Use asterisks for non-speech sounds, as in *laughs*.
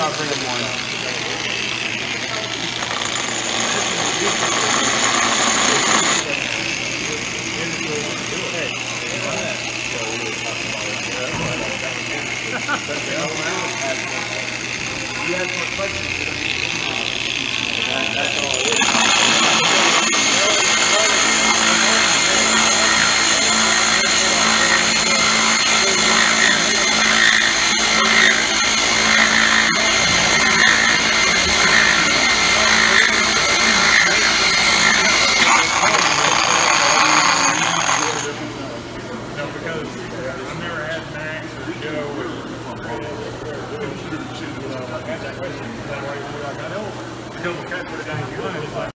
offer him one. *laughs* you have more questions. I've never had Max or Joe or shoot shoot. I got that question. That way, like I know, because we got to down here.